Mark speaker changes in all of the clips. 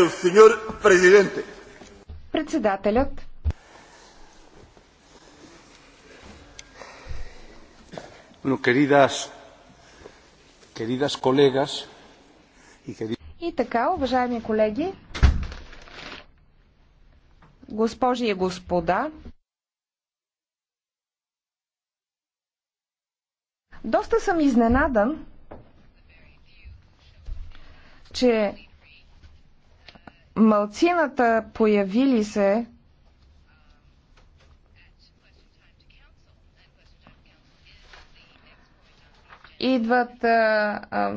Speaker 1: el señor presidente.
Speaker 2: Председателят.
Speaker 1: Bueno, queridas, queridas
Speaker 2: И така, уважаеми колеги, госпожи и господа, доста съм изненадан, че Малцината появили се идват а, а,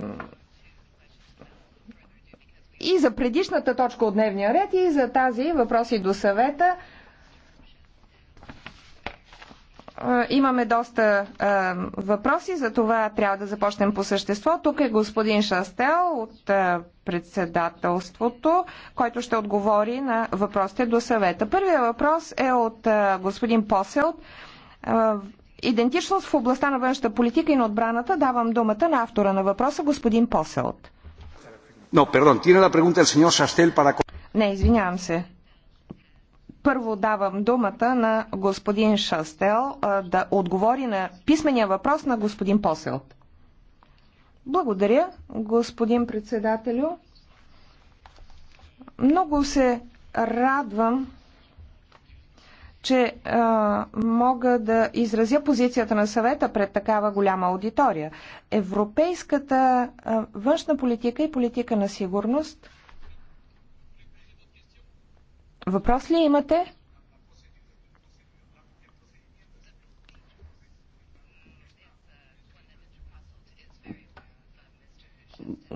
Speaker 2: и за предишната точка от дневния ред, и за тази въпроси до съвета имаме доста а, въпроси, за това трябва да започнем по същество. Тук е господин Шастел от а, председателството, който ще отговори на въпросите до съвета. Първият въпрос е от а, господин Посел. Идентичност в областта на външната политика и на отбраната. Давам думата на автора на въпроса, господин Поселт.
Speaker 1: No, perdón, tiene la pregunta el señor Шастел para...
Speaker 2: Не, извинявам се. Първо давам думата на господин Шастел да отговори на писмения въпрос на господин Поселт. Благодаря, господин председателю. Много се радвам, че а, мога да изразя позицията на съвета пред такава голяма аудитория. Европейската а, външна политика и политика на сигурност – Въпрос ли имате?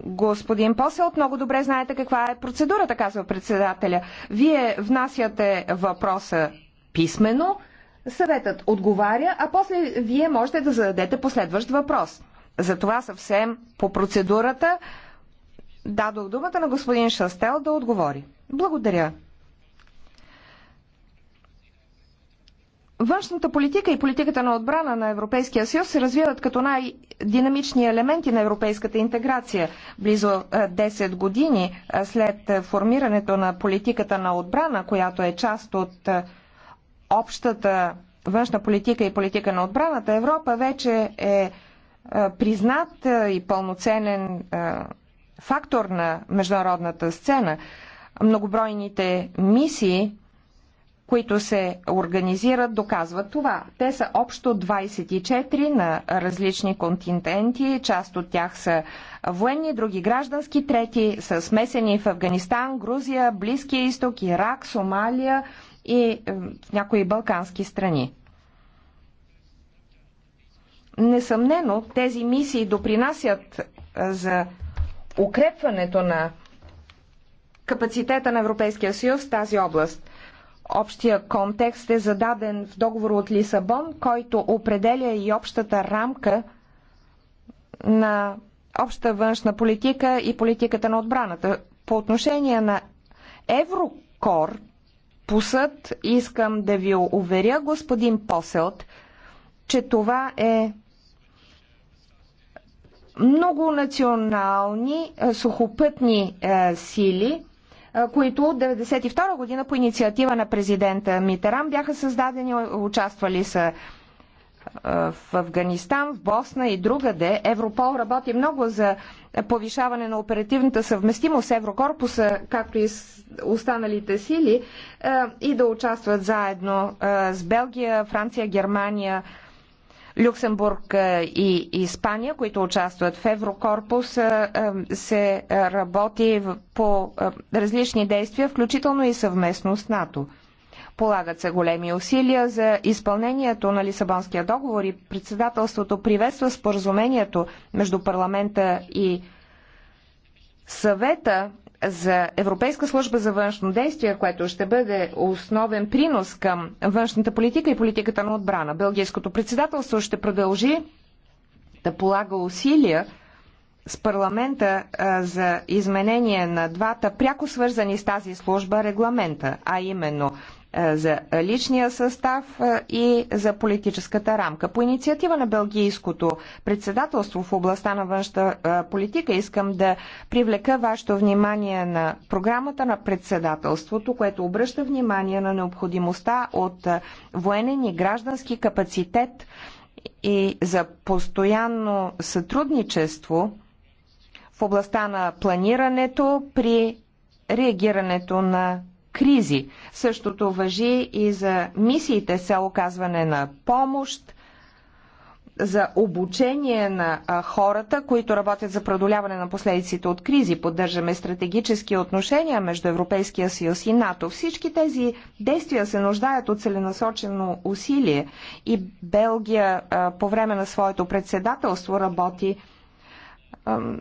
Speaker 2: Господин Посел, много добре знаете каква е процедурата, казва председателя. Вие внасяте въпроса писменно, съветът отговаря, а после вие можете да зададете последващ въпрос. Затова съвсем по процедурата дадох думата на господин Шастел да отговори. Благодаря. Външната политика и политиката на отбрана на Европейския съюз се развиват като най-динамични елементи на европейската интеграция. Близо 10 е, години е, след формирането на политиката на отбрана, която е част от е, общата външна политика и политика на отбраната, Европа вече е признат и пълноценен фактор на международната сцена. Многобройните мисии които се организират, доказват това. Те са общо 24 на различни континенти, част от тях са военни, други граждански, трети са смесени в Афганистан, Грузия, Близкия изток, Ирак, Сомалия и в някои балкански страни. Несъмнено, тези мисии допринасят за укрепването на капацитета на Европейския съюз в тази област. Общия контекст е зададен в договор от Лисабон, който определя и общата рамка на обща външна политика и политиката на отбраната. По отношение на Еврокор, по съд искам да ви уверя, господин Поселт, че това е многонационални сухопътни е, сили, които от 1992 година по инициатива на президента Митеран бяха създадени, участвали са в Афганистан, в Босна и другаде. Европол работи много за повишаване на оперативната съвместимост с Еврокорпуса, както и с останалите сили, и да участват заедно с Белгия, Франция, Германия, Люксембург е, и Испания, които участват в Еврокорпус, е, е, се работи по различни действия, включително и съвместно с НАТО. Полагат се големи усилия за изпълнението на Лисабонския договор и председателството приветства споразумението между парламента и съвета за Европейска служба за външно действие, което ще бъде основен принос към външната политика и политиката на отбрана. Белгийското председателство ще продължи да полага усилия с парламента а, за изменение на двата пряко свързани с тази служба регламента, а именно е, за личния състав е, и за политическата рамка. По инициатива на Белгийското председателство в областта на външна е, политика искам да привлека вашето внимание на програмата на председателството, което обръща внимание на необходимостта от военен и граждански капацитет и за постоянно сътрудничество в областта на планирането при реагирането на кризи. Същото въжи и за мисиите се оказване на помощ, за обучение на хората, които работят за преодоляване на последиците от кризи. Поддържаме стратегически отношения между Европейския съюз и НАТО. Всички тези действия се нуждаят от целенасочено усилие и Белгия по време на своето председателство работи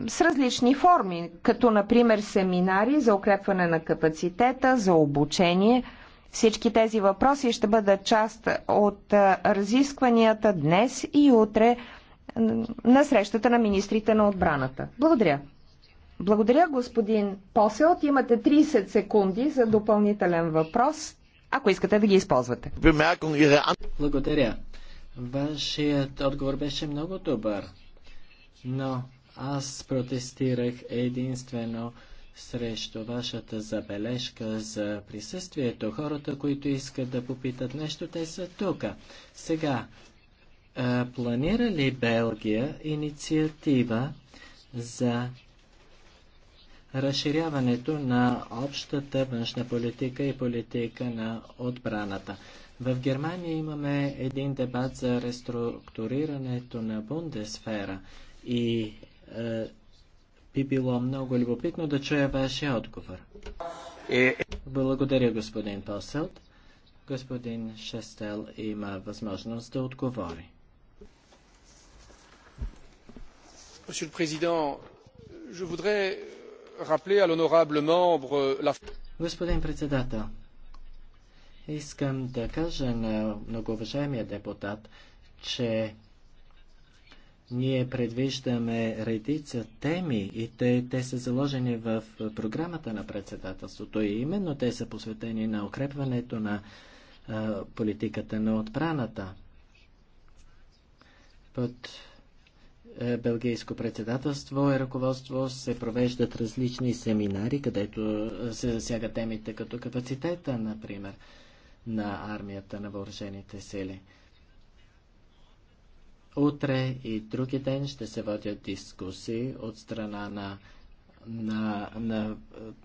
Speaker 2: с различни форми, като например семинари за укрепване на капацитета, за обучение. Всички тези въпроси ще бъдат част от разискванията днес и утре на срещата на министрите на отбраната. Благодаря. Благодаря, господин Посел. Имате 30 секунди за допълнителен въпрос, ако искате да ги
Speaker 3: използвате. Благодаря. Вашият отговор беше много добър, но аз протестирах единствено срещу вашата забележка за присъствието. Хората, които искат да попитат нещо, те са тук. Сега, а, планира ли Белгия инициатива за разширяването на общата външна политика и политика на отбраната? В Германия имаме един дебат за реструктурирането на бундесфера и е, би било много любопитно да чуя вашия отговор. Е, е. Благодаря, господин Поселт. Господин Шестел има възможност да отговори.
Speaker 1: Monsieur le Président, je voudrais rappeler à l'honorable membre la...
Speaker 3: Господин председател, искам да кажа на многоуважаемия депутат, че ние предвиждаме редица теми и те, те са заложени в програмата на председателството и именно те са посветени на укрепването на а, политиката на отбраната. Под Белгийско председателство и ръководство се провеждат различни семинари, където се засяга темите като капацитета, например, на армията, на въоръжените сили. Утре и други ден ще се водят дискусии от страна на, на, на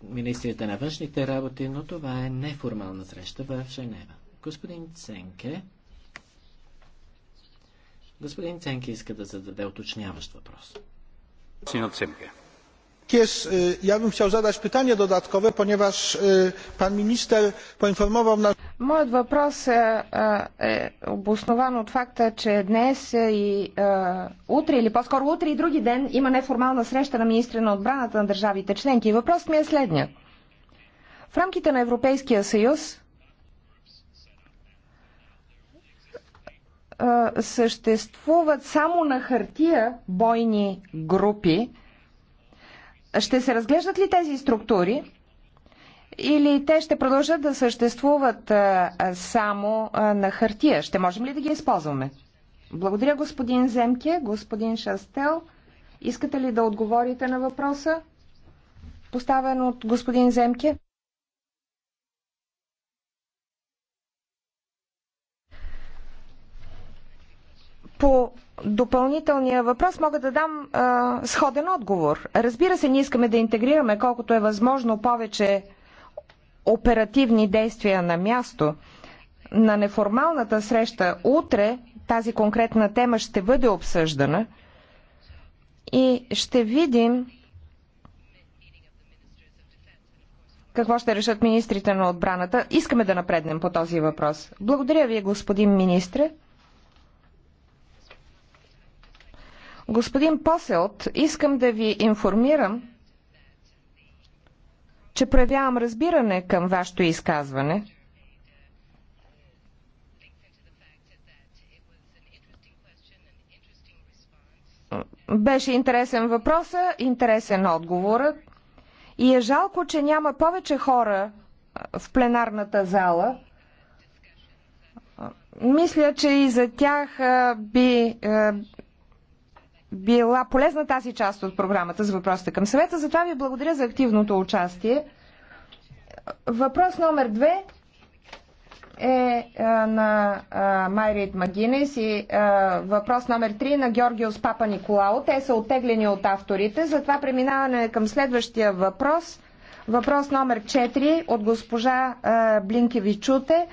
Speaker 3: министрите на външните работи, но това е неформална среща в Женева. Господин Ценке, господин Ценке иска да зададе уточняващ въпрос. Синът Ценке. E, ja bym chciał zadać pytanie dodatkowe ponieważ e, pan minister poinformował nas Моят въпрос
Speaker 2: е, е, е обоснован от факта, че днес и е, утре, или по-скоро утре и други ден, има неформална среща на министра на отбраната на държавите членки. И въпросът ми е следният. В рамките на Европейския съюз съществуват само на хартия бойни групи, ще се разглеждат ли тези структури или те ще продължат да съществуват само на хартия? Ще можем ли да ги използваме? Благодаря, господин Земке, господин Шастел. Искате ли да отговорите на въпроса, поставен от господин Земке? По допълнителния въпрос мога да дам а, сходен отговор. Разбира се, ние искаме да интегрираме колкото е възможно повече оперативни действия на място. На неформалната среща утре тази конкретна тема ще бъде обсъждана и ще видим какво ще решат министрите на отбраната. Искаме да напреднем по този въпрос. Благодаря ви, господин министре. Господин Поселт, искам да ви информирам, че проявявам разбиране към вашето изказване. Беше интересен въпроса, интересен отговорът. И е жалко, че няма повече хора в пленарната зала. Мисля, че и за тях би била полезна тази част от програмата за въпросите към съвета. Затова ви благодаря за активното участие. Въпрос номер две е, е на е, Майрит Магинес и е, въпрос номер 3 на Георгиос Папа Николао. Те са оттеглени от авторите, затова преминаваме към следващия въпрос. Въпрос номер 4 от госпожа Блинкевичуте.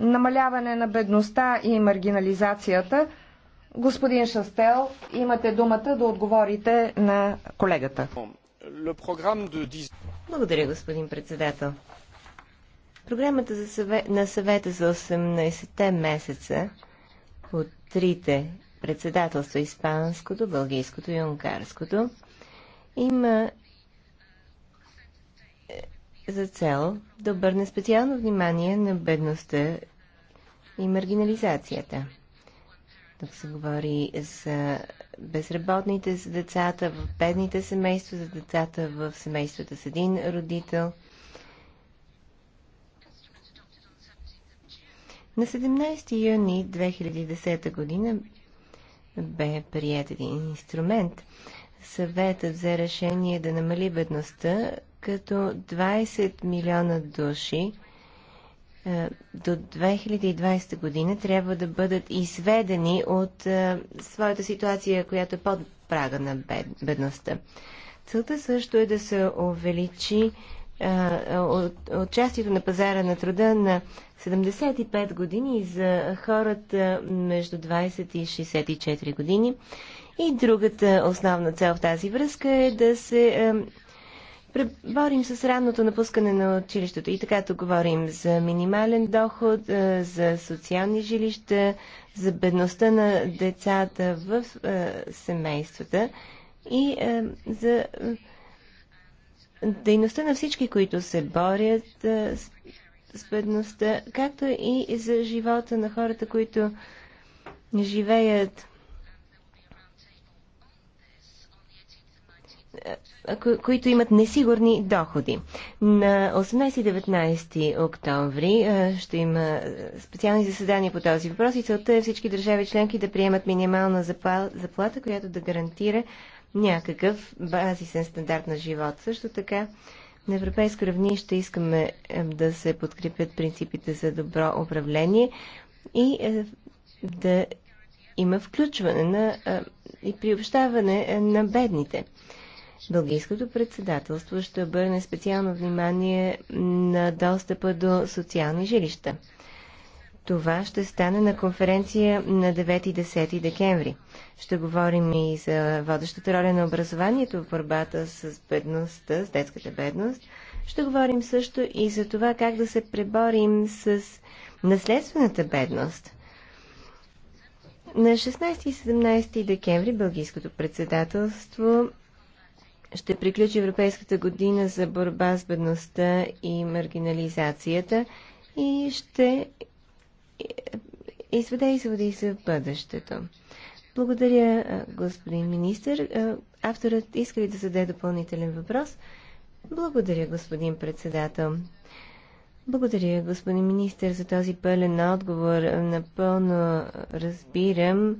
Speaker 2: Намаляване на бедността и маргинализацията. Господин Шастел, имате думата да отговорите
Speaker 1: на колегата. Благодаря, господин председател. Програмата за съвет, на съвета за 18-те месеца от трите председателства Испанското, Бългийското и Унгарското има е, за цел да обърне специално внимание на бедността и маргинализацията. Тук се говори за безработните, за децата в бедните семейства, за децата в семействата с един родител. На 17 юни 2010 година бе прият един инструмент. Съветът взе решение да намали бедността, като 20 милиона души е, до 2020 година трябва да бъдат изведени от е, своята ситуация, която е под прага на бедността. Целта също е да се увеличи участието е, на пазара на труда на 75 години за хората между 20 и 64 години. И другата основна цел в тази връзка е да се преборим с ранното напускане на училището. И така тук говорим за минимален доход, е, за социални жилища, за бедността на децата в е, семействата и е, за дейността на всички, които се борят с бедността, както и за живота на хората, които живеят които имат несигурни доходи. На 18-19 октомври ще има специални заседания по този въпрос и целта е всички държави членки да приемат минимална заплата, която да гарантира някакъв базисен стандарт на живот. Също така на европейско равнище искаме е, да се подкрепят принципите за добро управление и е, да има включване на, е, и приобщаване на бедните. Бългийското председателство ще обърне специално внимание на достъпа до социални жилища. Това ще стане на конференция на 9 и 10 декември. Ще говорим и за водещата роля на образованието в борбата с бедността, с детската бедност. Ще говорим също и за това как да се преборим с наследствената бедност. На 16 и 17 декември Бългийското председателство ще приключи Европейската година за борба с бедността и маргинализацията и ще изведе изводи за бъдещето. Благодаря, господин министр. Авторът иска ли да зададе допълнителен въпрос? Благодаря, господин председател. Благодаря, господин министр, за този пълен отговор. Напълно разбирам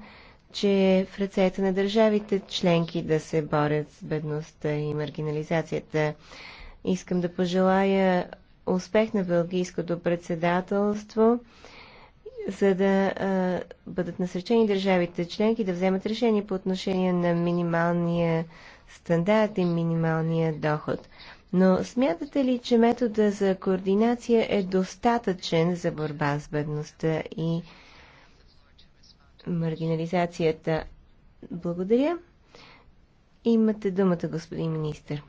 Speaker 1: че е в ръцете на държавите членки да се борят с бедността и маргинализацията. Искам да пожелая успех на Белгийското председателство, за да а, бъдат насречени държавите членки да вземат решение по отношение на минималния стандарт и минималния доход. Но смятате ли, че метода за координация е достатъчен за борба с бедността и маргинализацията. Благодаря. Имате думата, господин министр.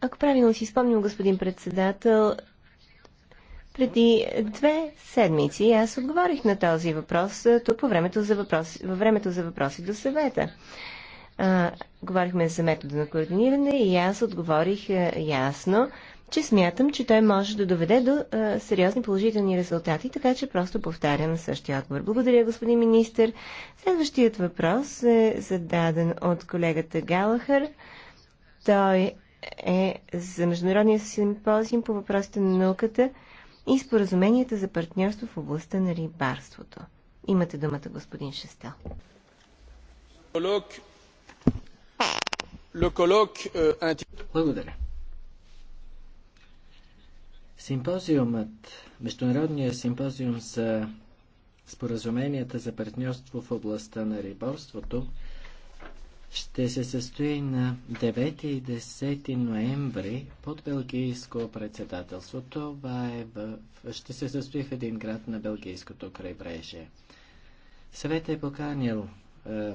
Speaker 1: Ако правилно си спомням, господин председател, преди две седмици аз отговорих на този въпрос тук по времето за въпроси, във времето за въпроси до съвета а, говорихме за метода на координиране и аз отговорих а, ясно, че смятам, че той може да доведе до а, сериозни положителни резултати, така че просто повтарям същия отговор. Благодаря, господин министр. Следващият въпрос е зададен от колегата Галахър. Той е за Международния симпозиум по въпросите на науката и споразуменията за партньорство в областта на рибарството. Имате думата, господин Шестел.
Speaker 3: Euh, Благодаря. Симпозиумът, Международният симпозиум за споразуменията за партньорство в областта на риборството ще се състои на 9 и 10 ноември под Белгийско председателство. Това е в... ще се състои в един град на Белгийското крайбрежие. Съветът е поканил е,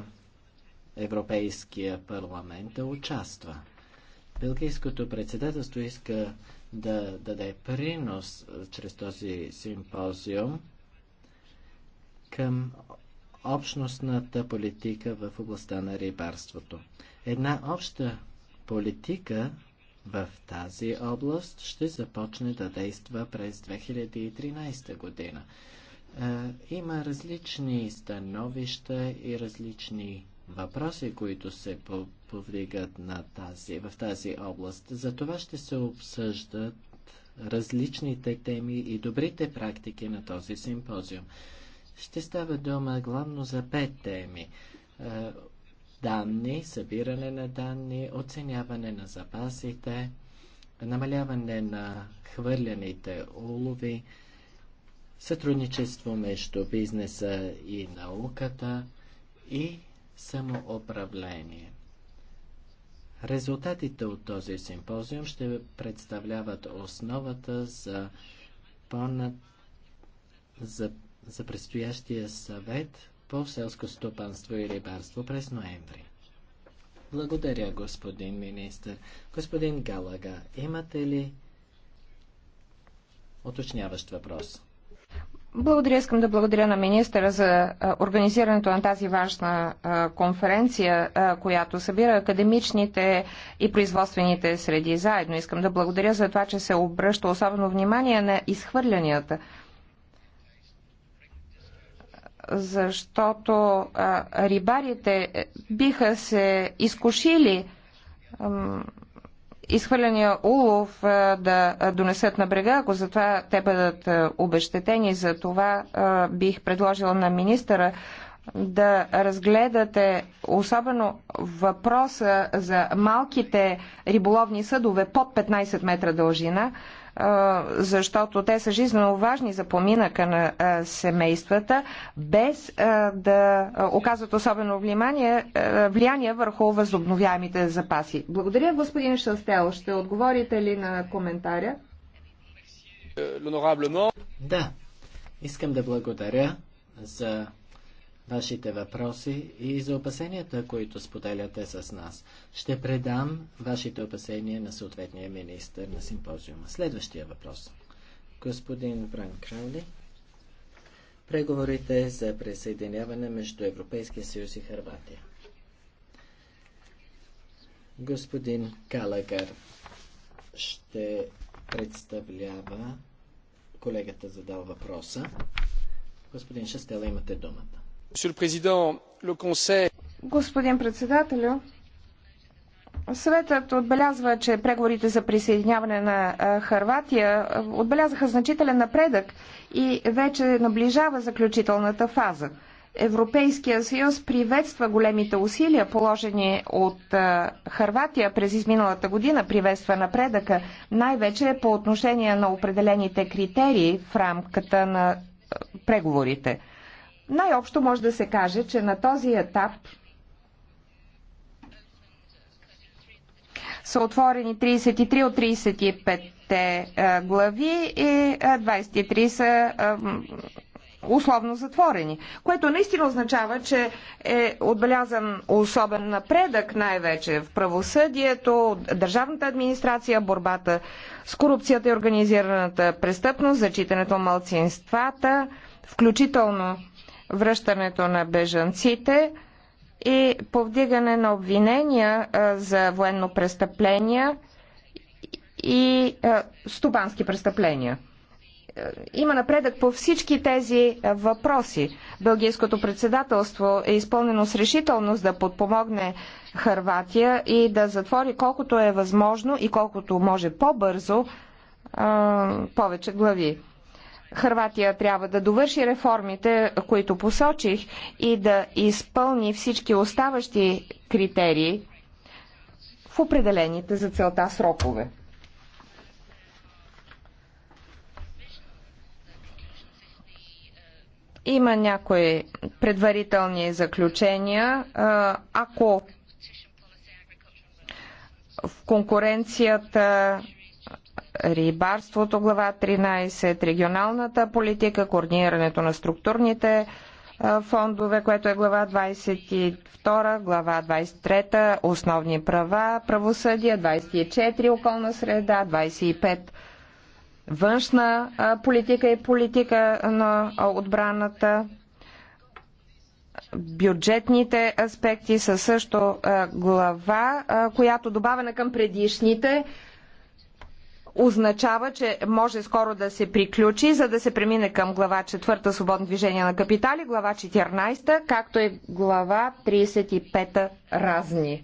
Speaker 3: Европейския парламент да участва. Белгийското председателство иска да даде принос чрез този симпозиум към общностната политика в областта на рибарството. Една обща политика в тази област ще започне да действа през 2013 година. Има различни становища и различни въпроси, които се повдигат на тази, в тази област. За това ще се обсъждат различните теми и добрите практики на този симпозиум. Ще става дума главно за пет теми. Е, данни, събиране на данни, оценяване на запасите, намаляване на хвърляните улови, сътрудничество между бизнеса и науката и самоуправление. Резултатите от този симпозиум ще представляват основата за, пона, за, за предстоящия съвет по селско стопанство и рибарство през ноември. Благодаря, господин министр. Господин Галага, имате ли уточняващ въпрос?
Speaker 2: Благодаря. Искам да благодаря на министъра за организирането на тази важна конференция, която събира академичните и производствените среди заедно. Искам да благодаря за това, че се обръща особено внимание на изхвърлянията. Защото рибарите е, биха се изкушили изхвърления улов да донесат на брега, ако за това те бъдат обещетени. За това бих предложила на министъра да разгледате особено въпроса за малките риболовни съдове под 15 метра дължина, защото те са жизненно важни за поминъка на семействата, без да оказват особено влияние, влияние върху възобновяемите запаси. Благодаря, господин Шастел. Ще отговорите ли на коментаря?
Speaker 3: Е, да. Искам да благодаря за вашите въпроси и за опасенията, които споделяте с нас. Ще предам вашите опасения на съответния министр на симпозиума. Следващия въпрос. Господин Бран Краули. Преговорите за присъединяване между Европейския съюз и Харватия. Господин Калагар ще представлява колегата задал въпроса. Господин Шестела, имате думата.
Speaker 2: Господин председателю, Съветът отбелязва, че преговорите за присъединяване на Харватия отбелязаха значителен напредък и вече наближава заключителната фаза. Европейския съюз приветства големите усилия, положени от Харватия през изминалата година, приветства напредъка, най-вече по отношение на определените критерии в рамката на преговорите. Най-общо може да се каже, че на този етап са отворени 33 от 35 е, глави и 23 е, са е, условно затворени, което наистина означава, че е отбелязан особен напредък най-вече в правосъдието, държавната администрация, борбата с корупцията и организираната престъпност, зачитането на малцинствата, включително връщането на бежанците и повдигане на обвинения за военно престъпления и стопански престъпления. Има напредък по всички тези въпроси. Бългийското председателство е изпълнено с решителност да подпомогне Харватия и да затвори колкото е възможно и колкото може по-бързо повече глави. Харватия трябва да довърши реформите, които посочих, и да изпълни всички оставащи критерии в определените за целта срокове. Има някои предварителни заключения. Ако в конкуренцията рибарството, глава 13, регионалната политика, координирането на структурните фондове, което е глава 22, глава 23, основни права, правосъдие, 24, околна среда, 25, външна политика и политика на отбраната. Бюджетните аспекти са също глава, която добавена към предишните означава, че може скоро да се приключи, за да се премине към глава 4 свободно движение на капитали, глава 14, както и глава 35 разни.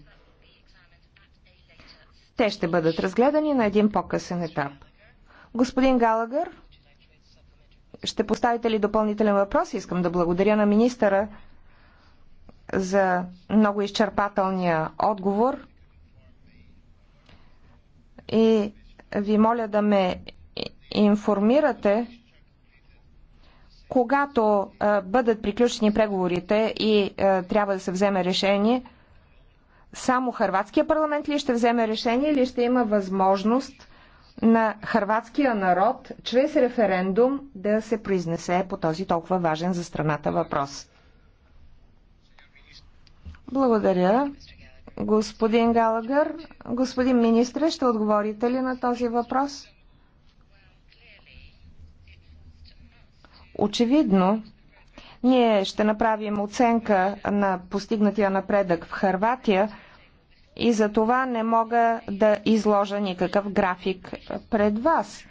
Speaker 2: Те ще бъдат разгледани на един по-късен етап. Господин Галагър, ще поставите ли допълнителен въпрос? Искам да благодаря на министъра за много изчерпателния отговор. И ви моля да ме информирате, когато бъдат приключени преговорите и трябва да се вземе решение, само Харватския парламент ли ще вземе решение или ще има възможност на харватския народ чрез референдум да се произнесе по този толкова важен за страната въпрос? Благодаря. Господин Галагър, господин министре, ще отговорите ли на този въпрос? Очевидно, ние ще направим оценка на постигнатия напредък в Харватия и за това не мога да изложа никакъв график пред вас.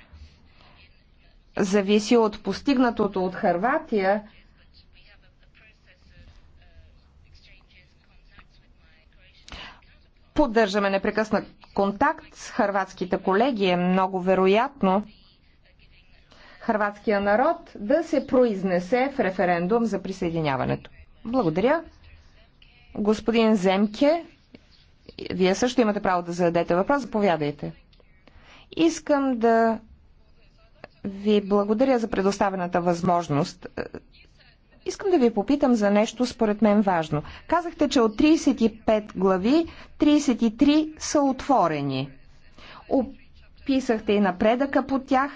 Speaker 2: Зависи от постигнатото от Харватия Поддържаме непрекъснат контакт с хърватските колеги. Е много вероятно хърватския народ да се произнесе в референдум за присъединяването. Благодаря. Господин Земке, вие също имате право да зададете въпрос. Заповядайте. Искам да ви благодаря за предоставената възможност Искам да ви попитам за нещо според мен важно. Казахте, че от 35 глави 33 са отворени. Описахте и напредъка по тях.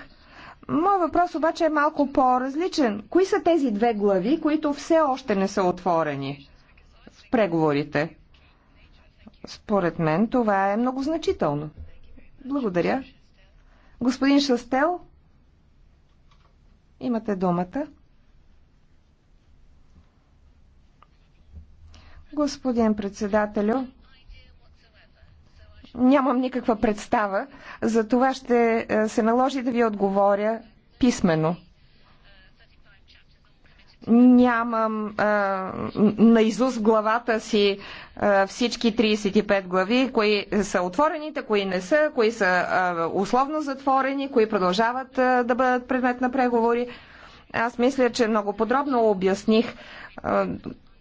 Speaker 2: Моят въпрос обаче е малко по-различен. Кои са тези две глави, които все още не са отворени в преговорите? Според мен това е много значително. Благодаря. Господин Шастел, имате думата. Господин председателю, нямам никаква представа, за това ще е, се наложи да ви отговоря писменно. Нямам а, е, наизуст в главата си а, е, всички 35 глави, кои са отворените, кои не са, кои са а, условно затворени, кои продължават а, да бъдат предмет на преговори. Аз мисля, че много подробно обясних а,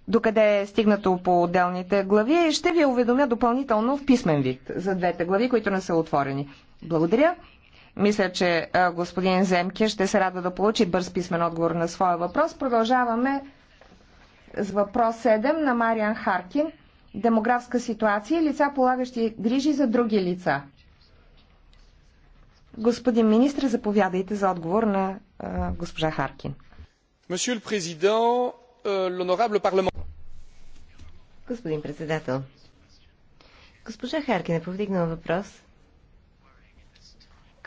Speaker 2: докъде е стигнато по отделните глави. Ще ви уведомя допълнително в писмен вид за двете глави, които не са отворени. Благодаря. Мисля, че господин Земке ще се радва да получи бърз писмен отговор на своя въпрос. Продължаваме с въпрос 7 на Мариан Харкин. Демографска ситуация и лица, полагащи грижи за други лица. Господин министр, заповядайте за отговор на а, госпожа Харкин.
Speaker 1: Monsieur президент.
Speaker 3: Euh, l'honorable
Speaker 1: Господин председател, госпожа Харкина повдигнала въпрос,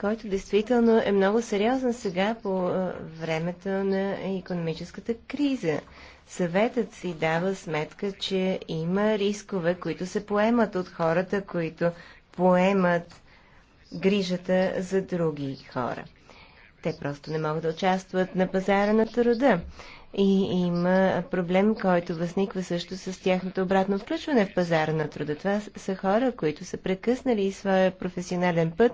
Speaker 1: който действително е много сериозен сега по времето на економическата криза. Съветът си дава сметка, че има рискове, които се поемат от хората, които поемат грижата за други хора. Те просто не могат да участват на пазара на труда и има проблем, който възниква също с тяхното обратно включване в пазара на труда. Това са хора, които са прекъснали своя професионален път,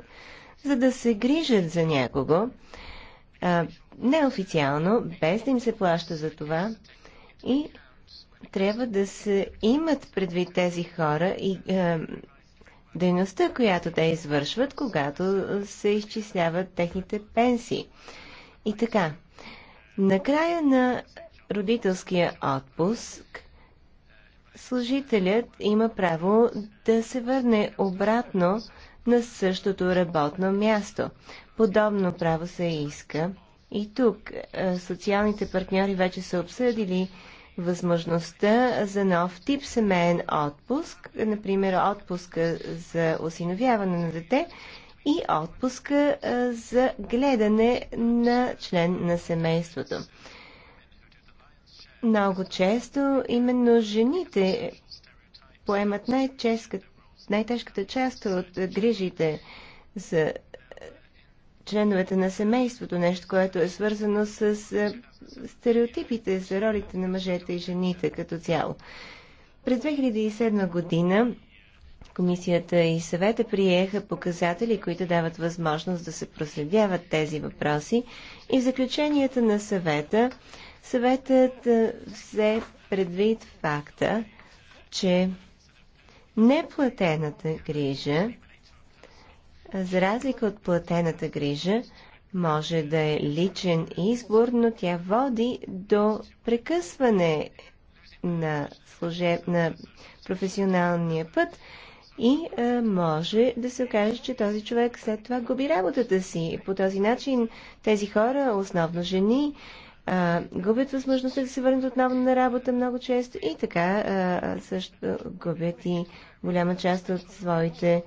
Speaker 1: за да се грижат за някого, а, неофициално, без да им се плаща за това и трябва да се имат предвид тези хора и а, дейността, която те извършват, когато се изчисляват техните пенсии. И така, Накрая на родителския отпуск служителят има право да се върне обратно на същото работно място. Подобно право се иска и тук. Е, социалните партньори вече са обсъдили възможността за нов тип семейен отпуск, например отпуска за осиновяване на дете, и отпуска за гледане на член на семейството. Много често именно жените поемат най-тежката най част от грижите за членовете на семейството, нещо, което е свързано с стереотипите за ролите на мъжете и жените като цяло. През 2007 година Комисията и съвета приеха показатели, които дават възможност да се проследяват тези въпроси. И в заключенията на съвета, съветът взе предвид факта, че неплатената грижа, за разлика от платената грижа, може да е личен избор, но тя води до прекъсване на, служеб... на професионалния път и а, е, може да се окаже, че този човек след това губи работата си. По този начин тези хора, основно жени, а, е, губят възможността да се върнат отново на работа много често и така а, е, също губят и голяма част от своите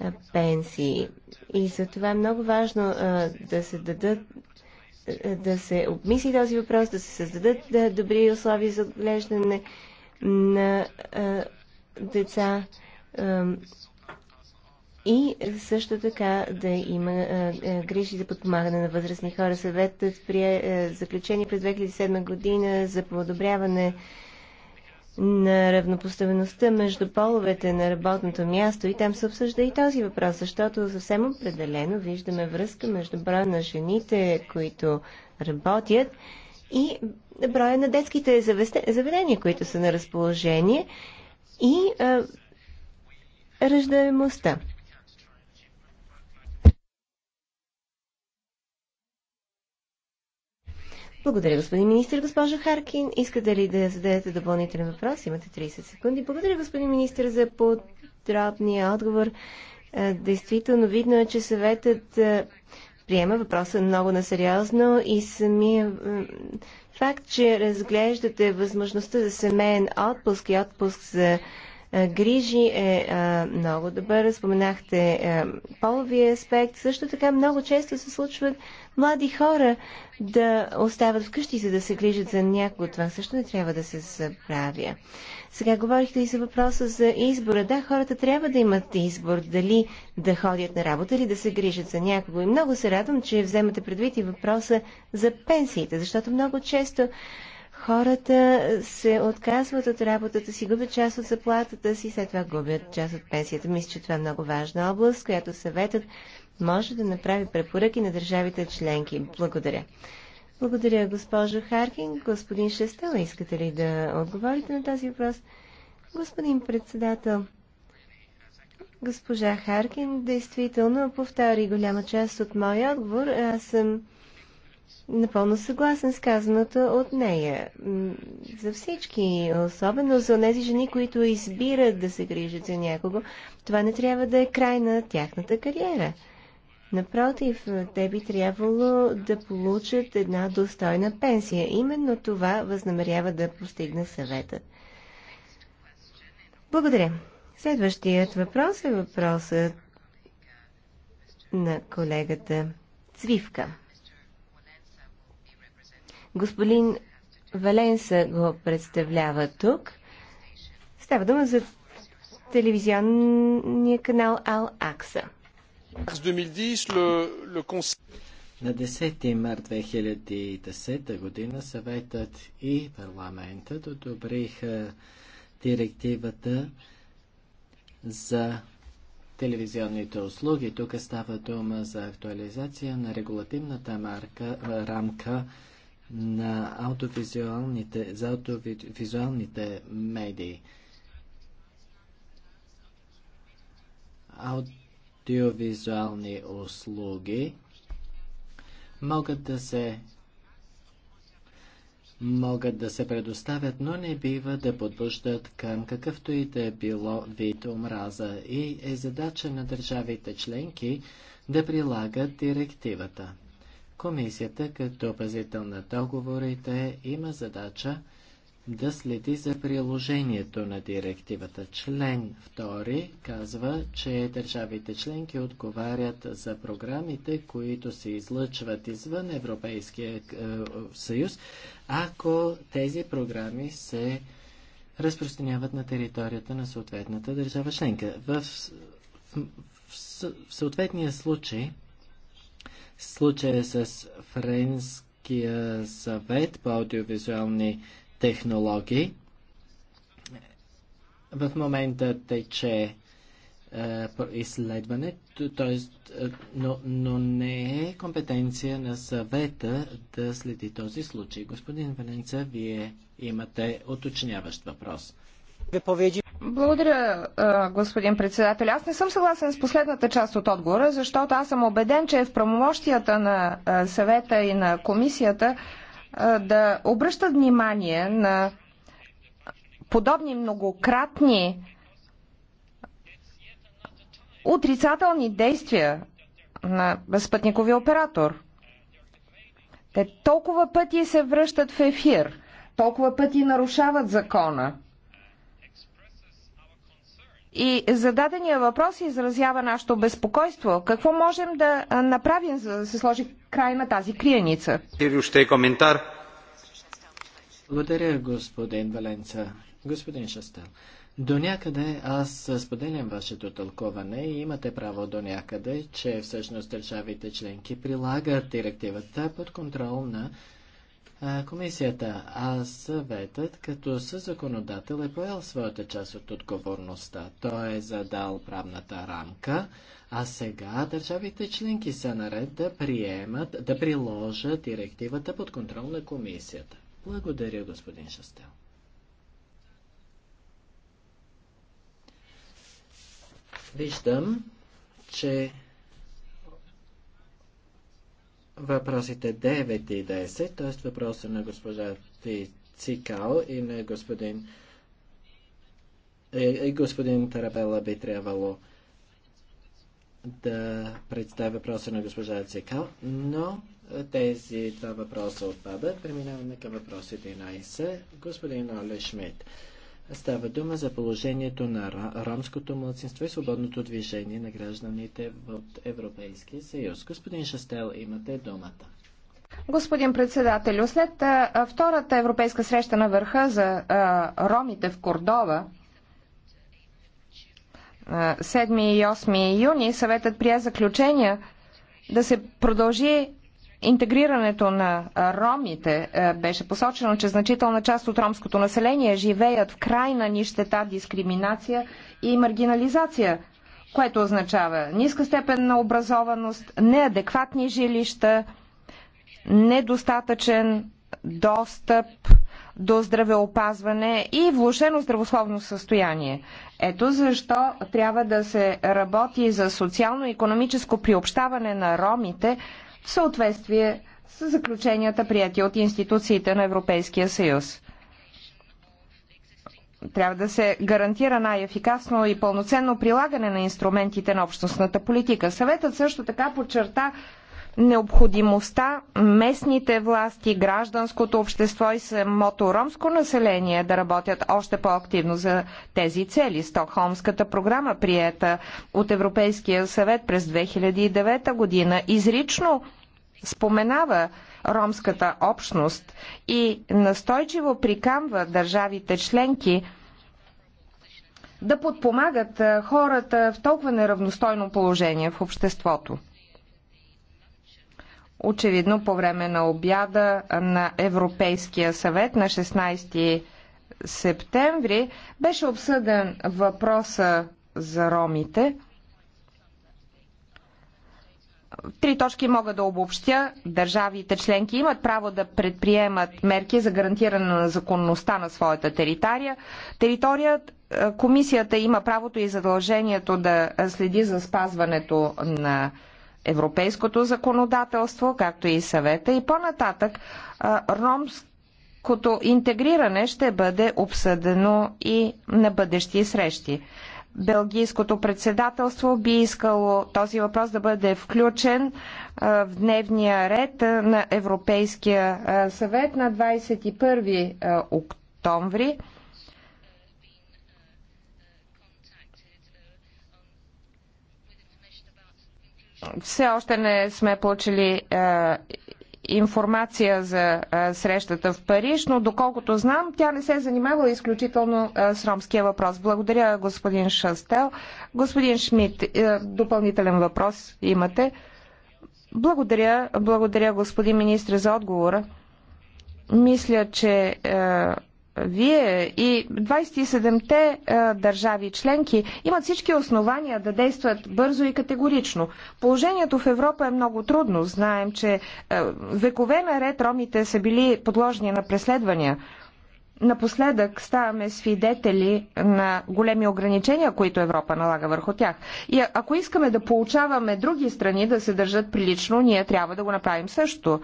Speaker 1: а, пенсии. И за това е много важно а, да се дадат да се обмисли този въпрос, да се създадат да, добри условия за отглеждане на а, деца. И също така да има грижи за подпомагане на възрастни хора. Съветът прие заключение през 2007 година за подобряване на равнопоставеността между половете на работното място и там се обсъжда и този въпрос, защото съвсем определено виждаме връзка между броя на жените, които работят и броя на детските заведения, които са на разположение и а, ръждаемостта. Благодаря, господин министр. Госпожо Харкин, искате ли да зададете допълнителен въпрос? Имате 30 секунди. Благодаря, господин министр, за подробния отговор. Е, действително видно е, че съветът е, приема въпроса много насериозно и самия е, факт, че разглеждате възможността за семейен отпуск и отпуск за е, грижи е, е много добър. Споменахте е, половия аспект. Също така много често се случват млади хора да остават вкъщи, за да се грижат за някого. Това също не трябва да се забравя. Сега говорихте и за въпроса за избора. Да, хората трябва да имат избор дали да ходят на работа или да се грижат за някого. И много се радвам, че вземате предвид и въпроса за пенсиите, защото много често хората се отказват от работата си, губят част от заплатата си, след това губят част от пенсията. Мисля, че това е много важна област, която съветът може да направи препоръки на държавите членки. Благодаря. Благодаря, госпожо Харкин. Господин Шестела, искате ли да отговорите на този въпрос? Господин председател, госпожа Харкин действително повтори голяма част от моя отговор. Аз съм напълно съгласен с казаното от нея. За всички, особено за тези жени, които избират да се грижат за някого, това не трябва да е край на тяхната кариера. Напротив, те би трябвало да получат една достойна пенсия. Именно това възнамерява да постигне съветът. Благодаря. Следващият въпрос е въпросът на колегата Цвивка. Господин Валенса го представлява тук. Става дума за телевизионния канал Ал
Speaker 3: Акса. На 10 март 2010 година съветът и парламентът одобриха директивата за телевизионните услуги. Тук става дума за актуализация на регулативната марка, рамка на аудиовизуалните, за аудиовизуалните медии. Аудиовизуални услуги могат да се могат да се предоставят, но не бива да подбуждат към какъвто и да е било вид омраза и е задача на държавите членки да прилагат директивата. Комисията, като пазител на договорите, има задача да следи за приложението на директивата. Член 2 казва, че държавите членки отговарят за програмите, които се излъчват извън Европейския е, съюз, ако тези програми се разпространяват на територията на съответната държава членка. В, в, в, в съответния случай случая с Френския съвет по аудиовизуални технологии. В момента тече е, изследване, т.е. Но, но не е компетенция на съвета да следи този случай. Господин Валенца, вие имате уточняващ въпрос. Ви
Speaker 2: благодаря, господин председател. Аз не съм съгласен с последната част от отговора, защото аз съм убеден, че е в правомощията на съвета и на комисията да обръщат внимание на подобни многократни отрицателни действия на безпътниковия оператор. Те толкова пъти се връщат в ефир, толкова пъти нарушават закона – и зададения въпрос изразява нашето безпокойство. Какво можем да направим, за да се сложи край на тази криеница?
Speaker 3: коментар. Благодаря, господин Валенца. Господин Шастел, до някъде аз споделям вашето тълковане и имате право до някъде, че всъщност държавите членки прилагат директивата под контрол на Комисията, а съветът като съзаконодател е поел своята част от отговорността. Той е задал правната рамка, а сега държавите членки са наред да приемат, да приложат директивата под контрол на комисията. Благодаря, господин Шастел. Виждам, че въпросите 9 и 10, т.е. въпроса на госпожа Цикал и на господин е, и господин Тарабела би трябвало да представя въпроса на госпожа Цикал, но тези два въпроса отпадат. Преминаваме към въпрос 11. Господин Оле Шмидт. Става дума за положението на ромското младсинство и свободното движение на гражданите в Европейския съюз. Господин Шастел, имате думата.
Speaker 2: Господин председател, след втората европейска среща на върха за ромите в Кордова, 7 и 8 юни, съветът прие заключения да се продължи интегрирането на ромите беше посочено, че значителна част от ромското население живеят в крайна нищета, дискриминация и маргинализация, което означава ниска степен на образованост, неадекватни жилища, недостатъчен достъп до здравеопазване и влушено здравословно състояние. Ето защо трябва да се работи за социално-економическо приобщаване на ромите в съответствие с заключенията, прияти от институциите на Европейския съюз. Трябва да се гарантира най-ефикасно и пълноценно прилагане на инструментите на общностната политика. Съветът също така подчерта необходимостта местните власти, гражданското общество и самото ромско население да работят още по-активно за тези цели. Стокхолмската програма, приета от Европейския съвет през 2009 година, изрично споменава ромската общност и настойчиво прикамва държавите членки да подпомагат хората в толкова неравностойно положение в обществото. Очевидно, по време на обяда на Европейския съвет на 16 септември беше обсъден въпроса за ромите – три точки мога да обобщя. Държавите членки имат право да предприемат мерки за гарантиране на законността на своята територия. Територия е, комисията има правото и задължението да следи за спазването на европейското законодателство, както и съвета. И по-нататък е, ромското интегриране ще бъде обсъдено и на бъдещи срещи. Белгийското председателство би искало този въпрос да бъде включен в дневния ред на Европейския съвет на 21 октомври. Все още не сме получили информация за срещата в Париж, но доколкото знам, тя не се е занимавала изключително с ромския въпрос. Благодаря, господин Шастел. Господин Шмидт, е, допълнителен въпрос имате. Благодаря, благодаря господин министр за отговора. Мисля, че е, вие и 27-те е, държави членки имат всички основания да действат бързо и категорично. Положението в Европа е много трудно. Знаем, че е, векове наред ромите са били подложени на преследвания. Напоследък ставаме свидетели на големи ограничения, които Европа налага върху тях. И ако искаме да получаваме други страни да се държат прилично, ние трябва да го направим също.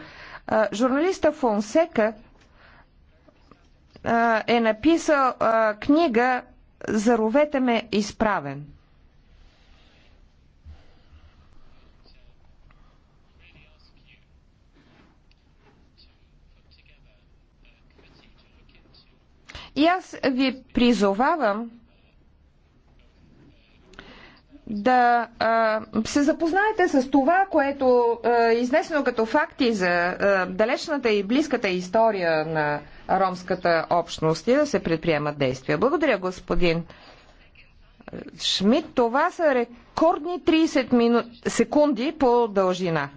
Speaker 2: Е, журналиста Фонсека е написал книга Заровете ме изправен. И аз ви призовавам да а, се запознаете с това, което е изнесено като факти за а, далечната и близката история на ромската общност и да се предприемат действия. Благодаря, господин Шмидт. Това са рекордни 30 мину... секунди по дължина.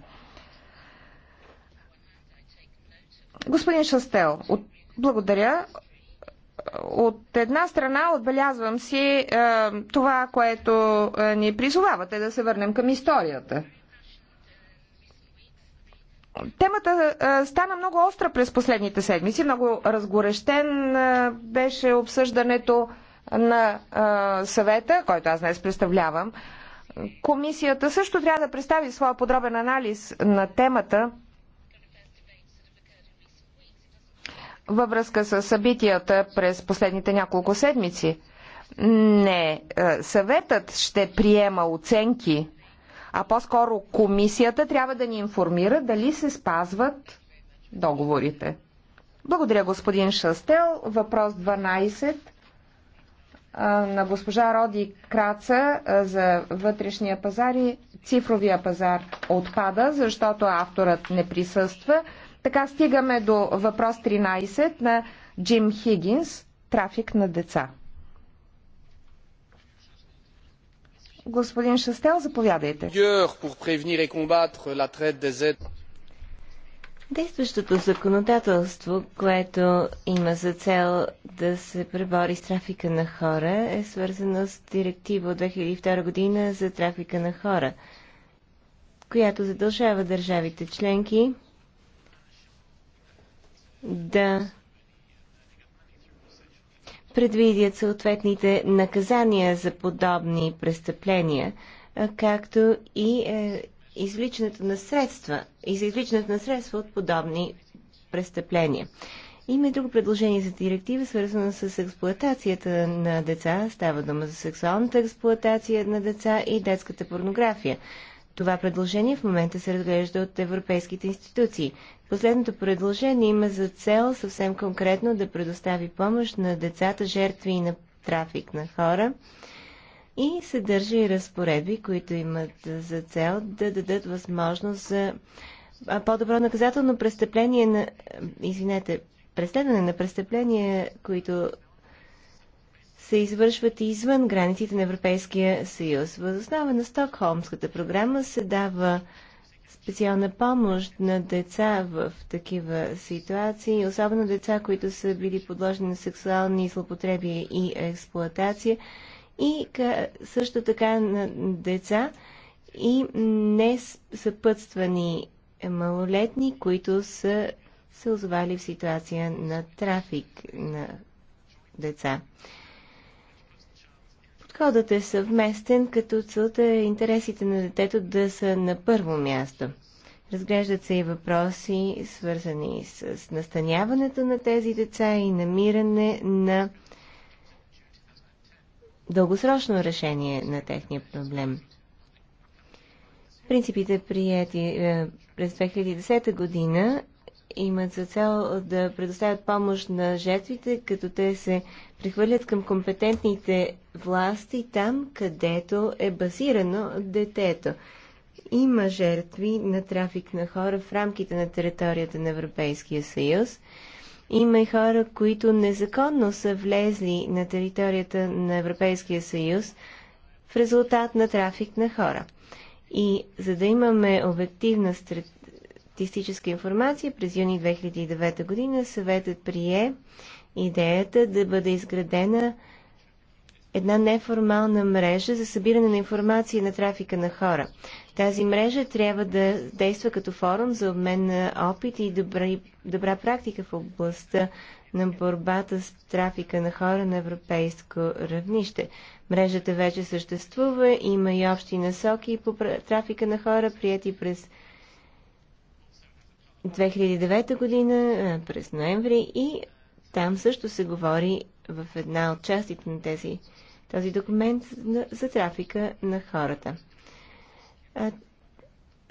Speaker 2: Господин Шастел, от... благодаря. От една страна отбелязвам си е, това, което е, ни призовавате да се върнем към историята. Темата а, стана много остра през последните седмици, много разгорещен а, беше обсъждането на а, съвета, който аз днес представлявам. Комисията също трябва да представи своя подробен анализ на темата във връзка с събитията през последните няколко седмици. Не, съветът ще приема оценки а по-скоро комисията трябва да ни информира дали се спазват договорите. Благодаря, господин Шастел. Въпрос 12 на госпожа Роди Краца за вътрешния пазар и цифровия пазар отпада, защото авторът не присъства. Така стигаме до въпрос 13 на Джим Хигинс – трафик на деца.
Speaker 1: Господин Шастел, заповядайте. Действащото законодателство, което има за цел да се пребори с трафика на хора, е свързано с директива от 2002 година за трафика на хора, която задължава държавите членки да предвидят съответните наказания за подобни престъпления, както и е, извличането на средства, и за извличането на средства от подобни престъпления. Има и друго предложение за директива, свързано с експлоатацията на деца. Става дума за сексуалната експлуатация на деца и детската порнография. Това предложение в момента се разглежда от европейските институции. Последното предложение има за цел съвсем конкретно да предостави помощ на децата, жертви и на трафик на хора и съдържа и разпоредби, които имат за цел да дадат възможност за по-добро наказателно престъпление на... Извинете, преследване на престъпления, които се извършват и извън границите на Европейския съюз. основа на Стокхолмската програма се дава специална помощ на деца в такива ситуации, особено деца, които са били подложени на сексуални злопотреби и експлоатация, и също така на деца и не съпътствани малолетни, които са се озвали в ситуация на трафик на деца. Подходът е съвместен, като целта е интересите на детето да са на първо място. Разглеждат се и въпроси, свързани с настаняването на тези деца и намиране на дългосрочно решение на техния проблем. Принципите, прияти е, през 2010 година, имат за цел да предоставят помощ на жертвите, като те се прехвърлят към компетентните власти там, където е базирано детето. Има жертви на трафик на хора в рамките на територията на Европейския съюз. Има и хора, които незаконно са влезли на територията на Европейския съюз в резултат на трафик на хора. И за да имаме обективна стратегия, статистическа информация през юни 2009 година съветът прие идеята да бъде изградена една неформална мрежа за събиране на информация на трафика на хора. Тази мрежа трябва да действа като форум за обмен на опит и добра, добра практика в областта на борбата с трафика на хора на европейско равнище. Мрежата вече съществува, има и общи насоки по трафика на хора, прияти през 2009 година, през ноември и там също се говори в една от частите на тези, този документ за, за трафика на хората.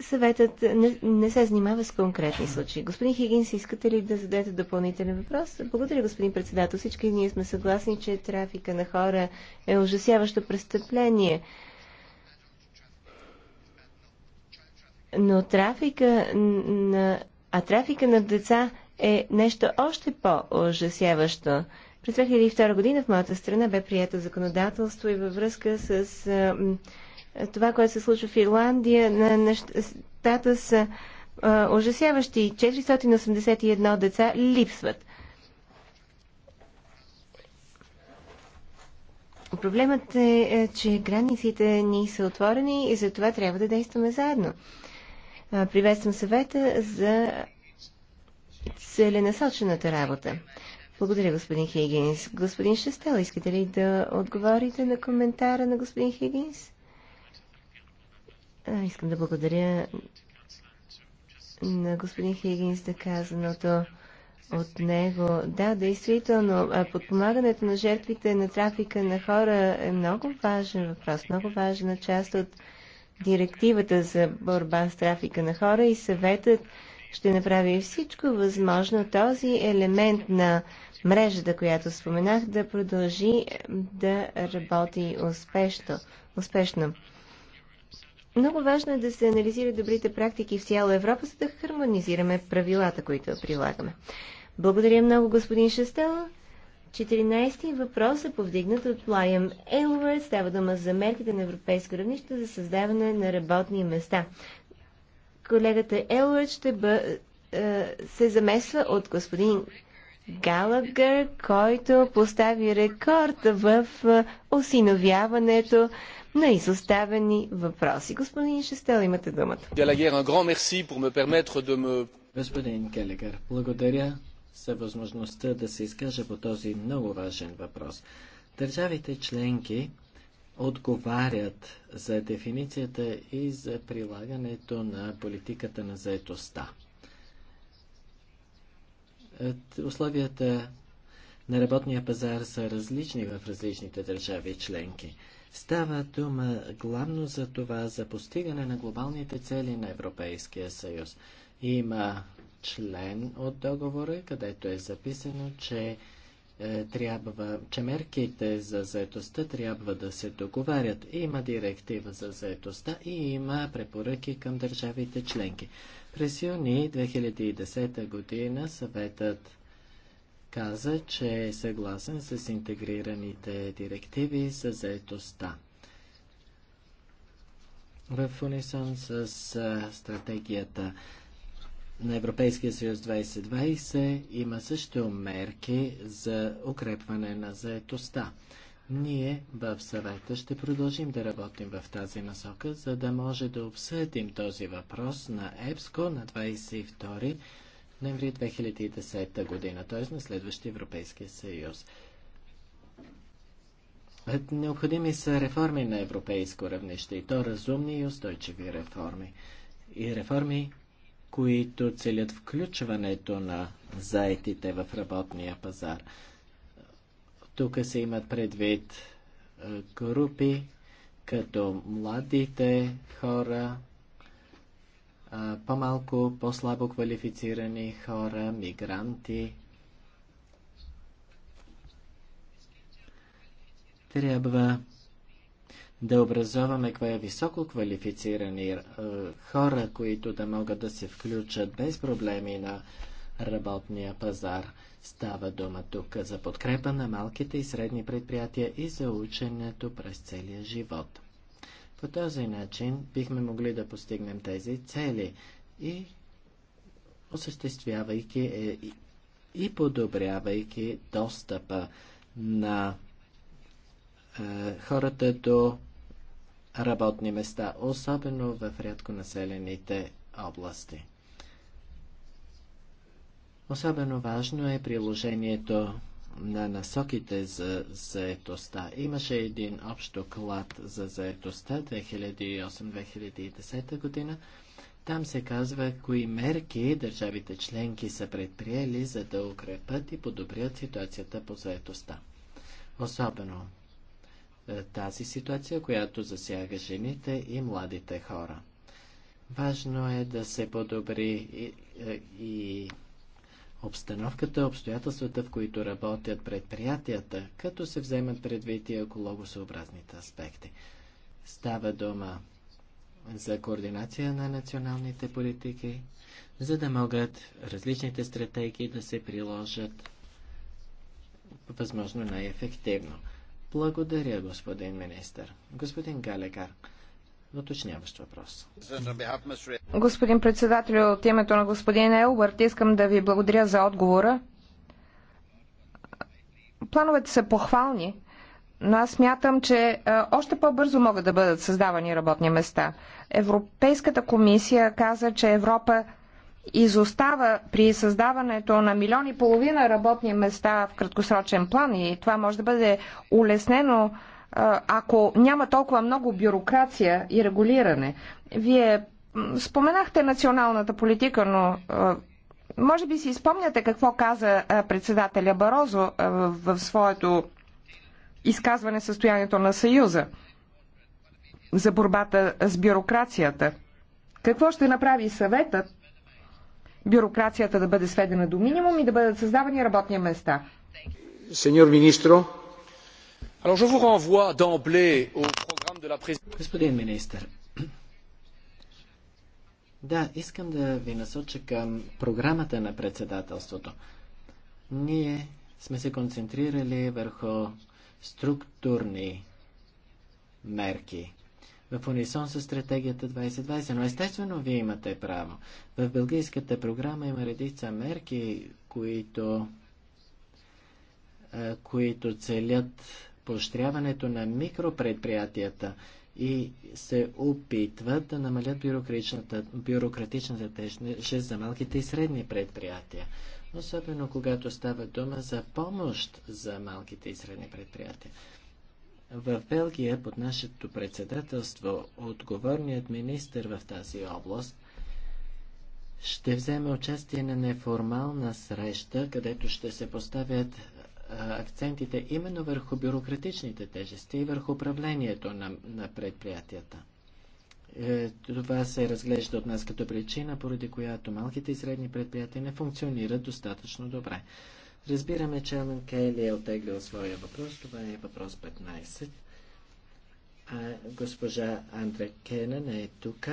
Speaker 1: съветът не, не се занимава с конкретни случаи. Господин Хигинс, искате ли да зададете допълнителен въпрос? Благодаря, господин председател. Всички ние сме съгласни, че трафика на хора е ужасяващо престъпление. Но трафика на а трафика на деца е нещо още по-ужасяващо. През 2002 година в моята страна бе прието законодателство и във връзка с а, това, което се случва в Ирландия, на нещата са а, ужасяващи. 481 деца липсват. Проблемът е, е, че границите ни са отворени и за това трябва да действаме заедно. Приветствам съвета за целенасочената работа. Благодаря, господин Хигинс. Господин Шестел, искате ли да отговорите на коментара на господин Хигинс? Искам да благодаря на господин Хигинс да казаното от него. Да, действително, подпомагането на жертвите на трафика на хора е много важен въпрос, много важна част от директивата за борба с трафика на хора и съветът ще направи всичко възможно този елемент на мрежата, която споменах, да продължи е, да работи успешно. успешно. Много важно е да се анализират добрите практики в цяла Европа, за да хармонизираме правилата, които прилагаме. Благодаря много, господин Шестела. Четиринайсти въпрос е повдигнат от Лайъм Елвард. Става дума за мерките на европейско равнище за създаване на работни места. Колегата Елвард ще бъ... Е, се замесва от господин Галагър, който постави рекорд в е, осиновяването на изоставени въпроси. Господин Шестел, имате думата.
Speaker 3: Господин Галагър, благодаря за възможността да се изкаже по този много важен въпрос. Държавите членки отговарят за дефиницията и за прилагането на политиката на заетостта. Условията на работния пазар са различни в различните държави членки. Става дума главно за това за постигане на глобалните цели на Европейския съюз. Има член от договора, където е записано, че е, трябва, че мерките за заетостта трябва да се договарят. Има директива за заетостта и има препоръки към държавите членки. През юни 2010 година съветът каза, че е съгласен с интегрираните директиви за заетостта. В унисон с стратегията на Европейския съюз 2020 има също мерки за укрепване на заетостта. Ние в съвета ще продължим да работим в тази насока, за да може да обсъдим този въпрос на ЕПСКО на 22 ноември 2010 година, т.е. на следващия Европейския съюз. Необходими са реформи на европейско равнище и то разумни и устойчиви реформи. И реформи, които целят включването на заетите в работния пазар. Тук се имат предвид е, групи, като младите хора, е, по-малко, по-слабо квалифицирани хора, мигранти. Трябва да образоваме кое високо квалифицирани е, хора, които да могат да се включат без проблеми на работния пазар. Става дума тук за подкрепа на малките и средни предприятия и за ученето през целия живот. По този начин бихме могли да постигнем тези цели и осъществявайки е, и подобрявайки достъпа на е, хората до работни места, особено в рядко населените области. Особено важно е приложението на насоките за заетостта. Имаше един общ доклад за заетостта 2008-2010 година. Там се казва кои мерки държавите членки са предприели за да укрепят и подобрят ситуацията по заетостта. Особено е, тази ситуация, която засяга жените и младите хора. Важно е да се подобри и, е, и обстановката, обстоятелствата, в които работят предприятията, като се вземат предвид и екологосъобразните аспекти. Става дума за координация на националните политики, за да могат различните стратегии да се приложат възможно най-ефективно. Благодаря, господин министър. Господин Галекар, уточняващ въпрос.
Speaker 2: Господин председател, от името на господин Елбърт искам да ви благодаря за отговора. Плановете са похвални, но аз мятам, че още по-бързо могат да бъдат създавани работни места. Европейската комисия каза, че Европа изостава при създаването на милион и половина работни места в краткосрочен план и това може да бъде улеснено ако няма толкова много бюрокрация и регулиране. Вие споменахте националната политика, но може би си спомняте какво каза председателя Барозо в своето изказване състоянието на Съюза за борбата с бюрокрацията. Какво ще направи съветът, бюрокрацията да бъде сведена до минимум и да бъдат създавани работни места.
Speaker 3: Сеньор министро, Господин министр, да, искам да ви насоча към програмата на председателството. Ние сме се концентрирали върху структурни мерки в унисон с стратегията 2020. Но естествено, вие имате право. В Белгийската програма има редица мерки, които, които целят поощряването на микропредприятията и се опитват да намалят бюрократичната, бюрократичната тежест за малките и средни предприятия. Особено когато става дума за помощ за малките и средни предприятия. В Белгия под нашето председателство отговорният министр в тази област ще вземе участие на неформална среща, където ще се поставят акцентите именно върху бюрократичните тежести и върху управлението на, на предприятията. Е, това се разглежда от нас като причина, поради която малките и средни предприятия не функционират достатъчно добре. Разбираме, че Алан Кейли е отеглил своя въпрос. Това е въпрос 15. А госпожа Андре Кенън е тук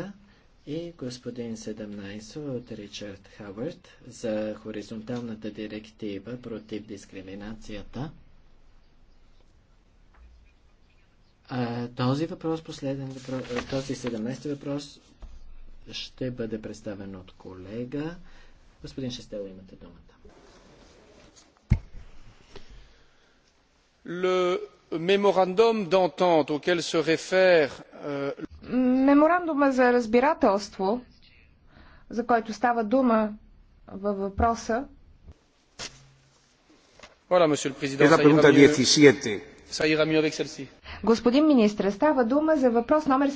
Speaker 3: и господин 17 от Ричард Хавърд за хоризонталната директива против дискриминацията. А, този въпрос, последен въпрос, този 17 въпрос ще бъде представен от колега. Господин Шестел, имате думата. le меморандум d'entente auquel se réfère euh,
Speaker 2: Меморандума за разбирателство, за който става дума във въпроса.
Speaker 3: Voilà, monsieur le président, ça ira, mieux,
Speaker 1: ça ira mieux avec celle-ci.
Speaker 2: Господин министр, става дума за въпрос номер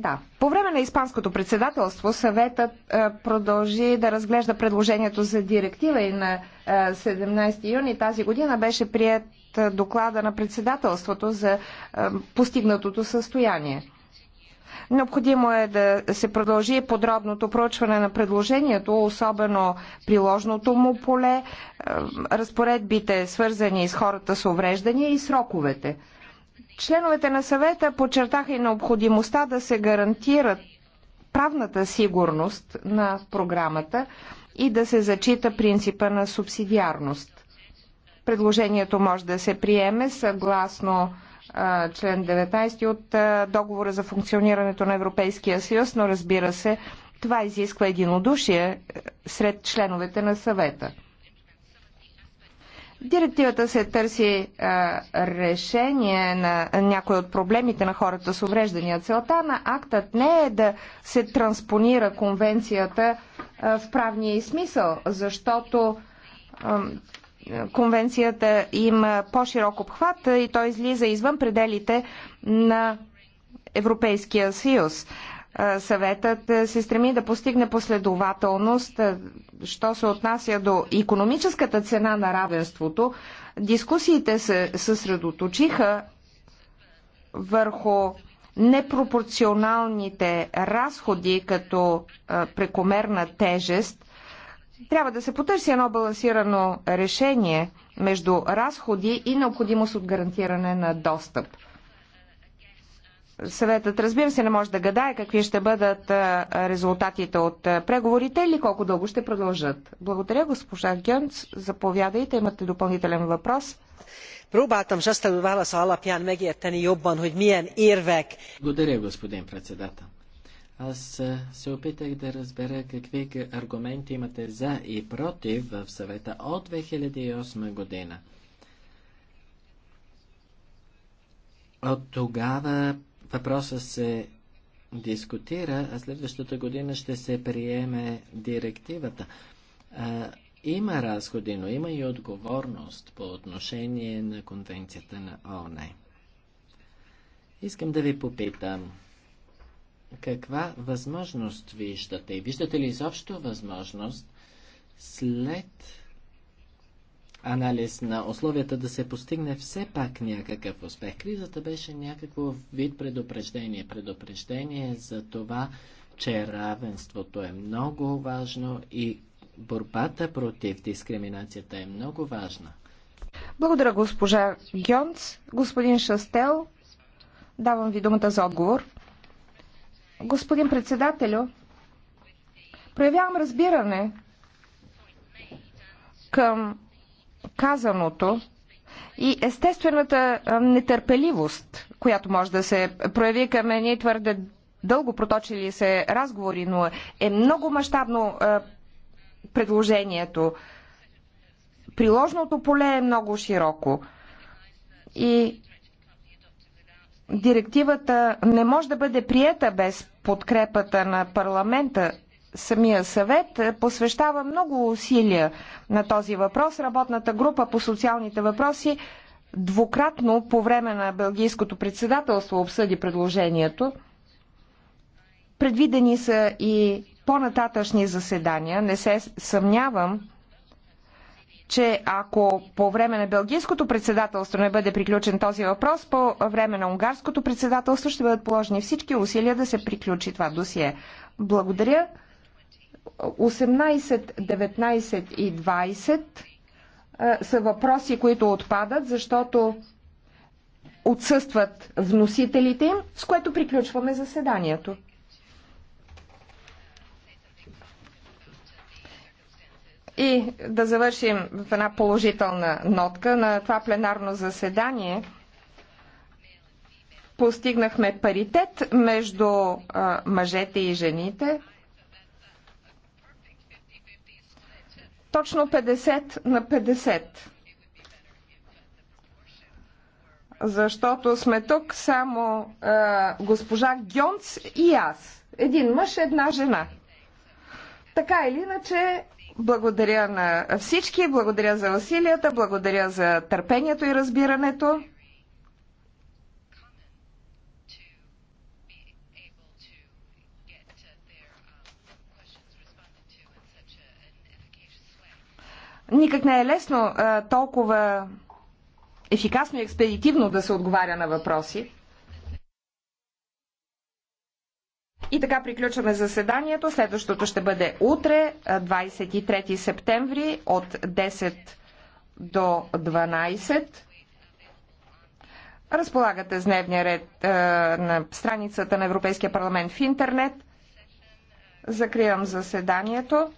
Speaker 2: Да. По време на Испанското председателство съветът е, продължи да разглежда предложението за директива и на 17 е, юни тази година беше прият е, доклада на председателството за постигнатото състояние. Необходимо е да се продължи подробното проучване на предложението, особено приложното му поле, разпоредбите свързани с хората с увреждания и сроковете. Членовете на съвета подчертаха и необходимостта да се гарантира правната сигурност на програмата и да се зачита принципа на субсидиарност. Предложението може да се приеме съгласно член 19 от договора за функционирането на Европейския съюз, но разбира се, това изисква единодушие сред членовете на съвета. Директивата се търси а, решение на някои от проблемите на хората с увреждания. Целта на актът не е да се транспонира конвенцията а, в правния и смисъл, защото а, конвенцията има по-широк обхват и той излиза извън пределите на Европейския съюз съветът се стреми да постигне последователност, що се отнася до економическата цена на равенството. Дискусиите се съсредоточиха върху непропорционалните разходи като прекомерна тежест. Трябва да се потърси едно балансирано решение между разходи и необходимост от гарантиране на достъп. Съветът, разбира се, не може да гадае какви ще бъдат резултатите от преговорите или колко дълго ще продължат. Благодаря, госпожа
Speaker 3: Гьонц. Заповядайте, имате допълнителен въпрос. Próbáltam Zsasztelő válasza alapján megérteni jobban, hogy milyen érvek. Благодаря, господин председател. Аз се опитах да разбера какви аргументи имате за и против в съвета от 2008 година. От тогава въпроса се дискутира, а следващата година ще се приеме директивата. А, има разходи, но има и отговорност по отношение на конвенцията на ООН. Искам да ви попитам, каква възможност виждате? Виждате ли изобщо възможност след анализ на условията да се постигне все пак някакъв успех. Кризата беше някакво вид предупреждение. Предупреждение за това, че равенството е много важно и борбата против дискриминацията е много важна.
Speaker 2: Благодаря, госпожа Гьонц. Господин Шастел, давам ви думата за отговор. Господин председателю, проявявам разбиране към казаното и естествената нетърпеливост, която може да се прояви към ние твърде дълго проточили се разговори, но е много мащабно предложението. Приложното поле е много широко и директивата не може да бъде приета без подкрепата на парламента самия съвет е, посвещава много усилия на този въпрос. Работната група по социалните въпроси двукратно по време на Белгийското председателство обсъди предложението. Предвидени са и по-нататъчни заседания. Не се съмнявам, че ако по време на Белгийското председателство не бъде приключен този въпрос, по време на Унгарското председателство ще бъдат положени всички усилия да се приключи това досие. Благодаря. 18, 19 и 20 са въпроси, които отпадат, защото отсъстват вносителите им, с което приключваме заседанието. И да завършим в една положителна нотка на това пленарно заседание. Постигнахме паритет между мъжете и жените. точно 50 на 50. Защото сме тук само а, госпожа Гьонц и аз. Един мъж, една жена. Така или иначе, благодаря на всички, благодаря за усилията, благодаря за търпението и разбирането. Никак не е лесно а, толкова ефикасно и експедитивно да се отговаря на въпроси. И така приключваме заседанието. Следващото ще бъде утре, 23 септември, от 10 до 12. Разполагате с дневния ред е, на страницата на Европейския парламент в интернет. Закривам заседанието.